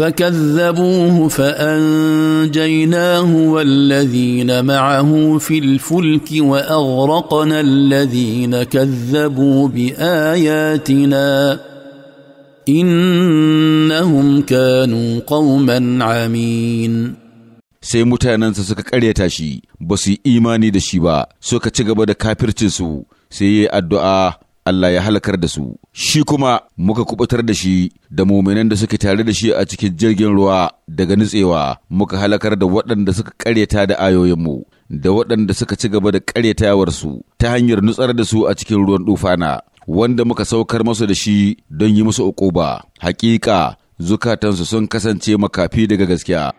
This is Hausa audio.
فكذبوه فانجيناه والذين معه في الفلك واغرقنا الذين كذبوا باياتنا innahum kanu قوما amin sai mutanensa suka karyata tashi, ba su yi imani da shi ba suka ci gaba da kafircinsu sai yi addu'a Allah ya halakar da su shi kuma muka kubutar da shi da muminan da suke tare da shi a cikin jirgin ruwa daga nutsewa muka halakar da waɗanda suka ƙaryata da ayoyinmu da waɗanda suka ci gaba da ƙaryatawarsu ta hanyar nutsar da su a cikin ruwan dufana wanda muka saukar masu da shi don yi musu uquba hakika zukatansu sun kasance makafi daga gaskiya